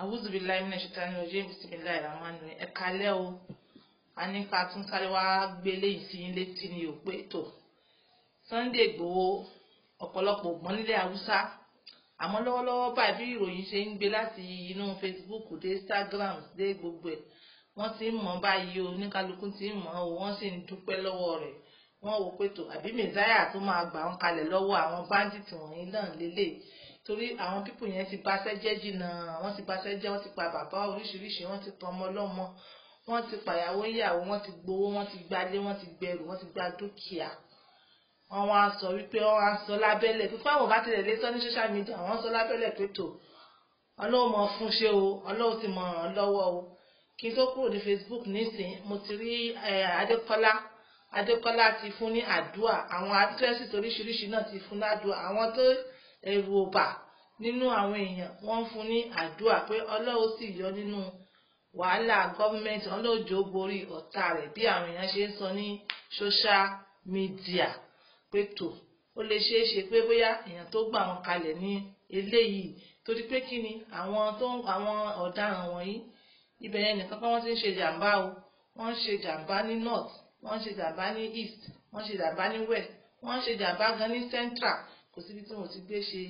àwùzùbíláì ní ṣètò ẹni ọjọ́ ìbísíbíláì ìrànwọ́nù ẹ̀ka lẹ́ o a ní ká tún sáré wá gbé léyìí sí létí ni ò pé tó Sunday Igboho ọ̀pọ̀lọpọ̀ ògbọ́n nílẹ̀ haúsá àmọ́ lọ́wọ́lọ́wọ́ báyìí bí ìròyìn ṣe ń gbé láti inú Facebook dé Instagram dé gbogbo ẹ̀ wọ́n ti ń mọ̀ báyìí o oníkálukú ti ń mọ̀ o wọ́n sì ń dúpẹ́ lọ́wọ́ rẹ̀ wọ́n wò pé tó àbí mẹ́sáyà tó máa gbà ń kalẹ̀ lọ́wọ́ àwọn báńdíìtì wọ̀nyí náà lélẹ̀ torí àwọn pípò yẹn ti baṣẹ́ jẹ́ jìnnà wọ́n ti baṣẹ́ jẹ́ wọ́n ti pa bàbá oríṣiríṣi wọ́n ti pa ọmọ ọlọ́mọ wọ́n ti pàyàwó ìyàwó wọ́n ti gbowó wọ́n ti gbalé wọ́n ti gbẹrù wọ́n ti gba dúkìá wọ́n wá sọ wípé wọ́n wá sọ lábẹ́lẹ̀ pípé àwọn bá tilẹ̀ lé sọ ní social media wọ́n sọ lábẹ́lẹ̀ pé tò ọlọ́run mọ fún ṣe o ọlọ́run ti mọ ràn lọ́wọ́ o kí n tó kúrò ní Facebook nísìnyí mo ti rí Adékọ́lá Adékọ́lá ti fún ní àdúà àwọn actresses oríṣiríṣi náà ti fún ní àdúà àwọn tó ẹrù ọba nínú àwọn èèyàn wọ́n ń fún ní àdúrà pé ọlọ́run sì yọ nínú wàhálà gọ́ọ̀mẹ̀ntì ọlọ́jọ́ borí ọ̀tá rẹ̀ bí àwọn èèyàn ṣe ń sọ ní ṣóṣá mídíà pé tò ó lè ṣeé ṣe pé bóyá èèyàn tó gbà wọn kalẹ̀ ní eléyìí torí pé kí ni àwọn tó àwọn ọ̀daràn wọ̀nyí ibẹ̀ yẹn nìkan pé wọ́n ti ń ṣe jàǹbá o wọ́n ń ṣe jàǹbá ní north wọ́n ń ṣe jàǹbá ní east wọ́n ń ṣe jàǹbá ní west wọ́n ń ṣe jàǹbá gan ní central kò síbi tí wọ́n ti gbé ṣe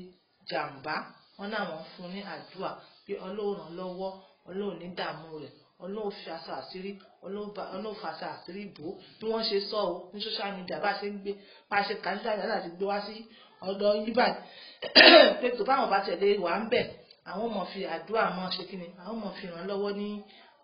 jàǹbá wọn náà wọ́n fún ní àdúrà pé ọlọ́run ràn lọ́wọ́ ọlọ́run ní dààmú rẹ̀ ọlọ́run fi aṣọ àṣírí ọlọ́run fa aṣọ àṣírí bò ó bí wọ́n ṣe sọ ọ́ ní social media bá a ṣe ń gbé bá a ṣe kà nígbà yàrá àti gbé wá sí ọ̀dọ̀ yíbàd pé tó báwọn bá tẹ̀lé wà ń bẹ̀ àwọn ọmọ fi àdúrà mọ́ ṣe kí ni àwọn ọmọ fi ràn lọ́wọ́ ní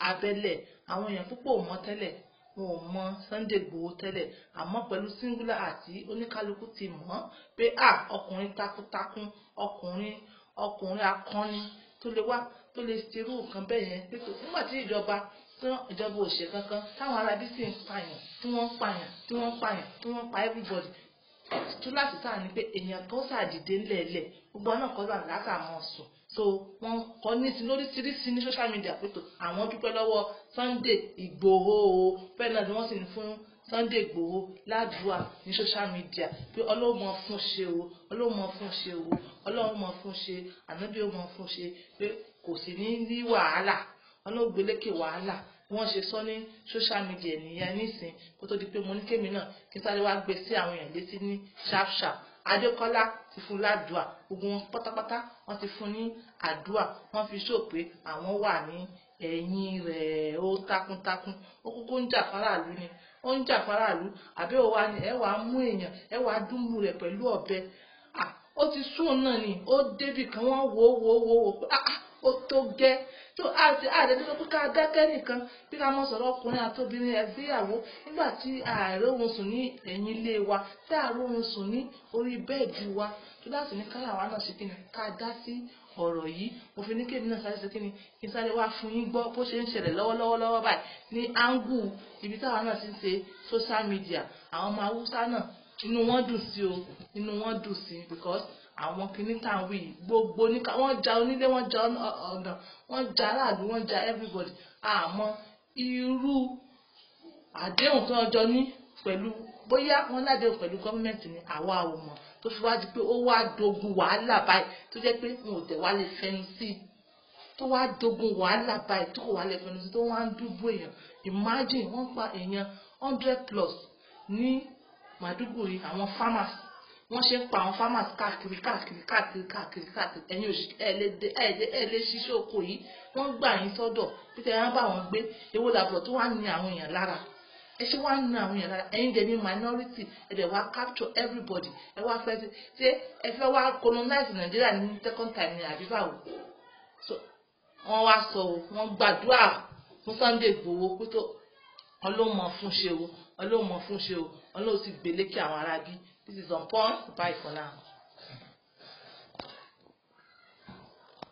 abẹ́lẹ̀ àwọn èèyàn púpọ̀ mọ́ tẹ́lẹ̀ wọn ò mọ Sunday Igboho tẹ́lẹ̀ àmọ́ pẹ̀lú singular àti oníkálukú ti mọ̀ ọ́n pé à ọkùnrin takuntakun ọkùnrin ọkùnrin akọni tó lè wá tó lè ṣerú nǹkan bẹ́ẹ̀ yẹn pé nígbà tí ìjọba tán ìjọba ò ṣe kankan táwọn arábí sì ń pààyàn tí wọ́n ń pààyàn tí wọ́n ń pààyàn tí wọ́n ń pa everybody tó láti sáà ni pé èèyàn kan ṣàdìde ńlẹ̀ẹ́lẹ̀ gbogbo náà kọ́ lọ́nà látàmọ́ sùn so wọn kọ níṣì lóríṣiríṣi ní social media pé tó àwọn dúpẹ́ lọ́wọ́ Sunday Ìgbòho o bẹ́ẹ̀ náà ni wọ́n sì ń fún Sunday Ìgbòho ládùúà ní social media pé Ọlọ́run mọ fún ṣe o Ọlọ́run mọ fún ṣe o Ọlọ́run mọ fún ṣe ànábì ó mọ fún ṣe pé kò sì ní ní wàhálà Ọlọ́run gbélékè wàhálà wọ́n ṣe sọ ní social media nìyẹn nísìn kó tó di pé mo ní kémi náà kí sáré wá gbé sí àwọn èèyàn létí ní sharp sharp adékọ́lá ti fún ládùá gbogbo wọn pátápátá wọ́n ti fún ní àdúà wọ́n fi sọ pé àwọn wà ní ẹ̀yìn rẹ̀ ó takuntakun ó kúkú ń jà fáráàlú ni ó ń jà fáráàlú àbẹ́ òwa ni ẹ wàá mú èèyàn ẹ wàá dùnmù rẹ̀ pẹ̀lú ọ̀bẹ ó ti sún náà ni ó débì kan wọ́n wò ó wò ó wò ó pé ah ah ó tó gẹ́ tó àti àdéjọ́ pé ká dákẹ́ nìkan bí ká mọ̀ sọ̀rọ̀ ọkùnrin àtòbìnrin ẹ̀sìn ìyàwó nígbà tí ààrẹ òun sùn ní ẹ̀yìn ilé wa tí ààrẹ òun sùn ní orí bẹ́ẹ̀dì wa tó láti ní káyà wa náà ṣe kí ni ká dá sí ọ̀rọ̀ yìí mo ní kébì náà sáré kí ni kí n sáré wá fún yín gbọ́ bó ṣe ń ṣẹlẹ̀ lọ́wọ́lọ́wọ́ báyìí ní áńgù ibi táwa náà àwọn kìíní tá à ń wí gbogbo níka wọ́n ja onílé wọ́n ja ọ̀nà wọ́n ja aráàlú wọ́n ja everybody àmọ́ irú àdéhùn tó ọjọ́ ní pẹ̀lú bóyá wọ́n ládéhùn pẹ̀lú gọ́ọ̀mẹ̀ntì ni àwa ò mọ̀ tó fi wá di pé ó wá dogun wàhálà báyìí tó jẹ́ pé n ò tẹ̀ wá lè fẹnu sí i tó wá dogun wàhálà báyìí tó kò wá lè fẹnu sí i tó wá ń dúbò èèyàn imagine wọ́n pa èèyàn hundred plus ní màdúgbò yìí àwọn farmers wọ́n ṣe ń pa àwọn farmers káàkiri káàkiri káàkiri káàkiri káàkiri ẹ̀yin òṣì ẹ̀ẹ́dẹ́ ẹ̀ẹ́dẹ́ ṣíṣe oko yìí wọ́n gbà yín sọ́dọ̀ pété ẹ̀yán bá wọn gbé èwo làbọ̀ tó wà ní àwọn èèyàn lára ẹ ṣe wá ní àwọn èèyàn lára ẹ̀yin dẹ̀ ní minority ẹ dẹ̀ wá capture everybody ẹ wá fẹ́ ṣe ẹ fẹ́ wá colonize Nigeria ní second time ní àbíbá o wọ́n wá sọ o wọ́n gbàdúrà fún Sunday Igboho pé tó ọlọ́mọ fún ṣe o ọlọ́run mọ̀ fún ṣe o ọlọ́run sì gbé lékè àwọn aráabí this is on Paul bye for now.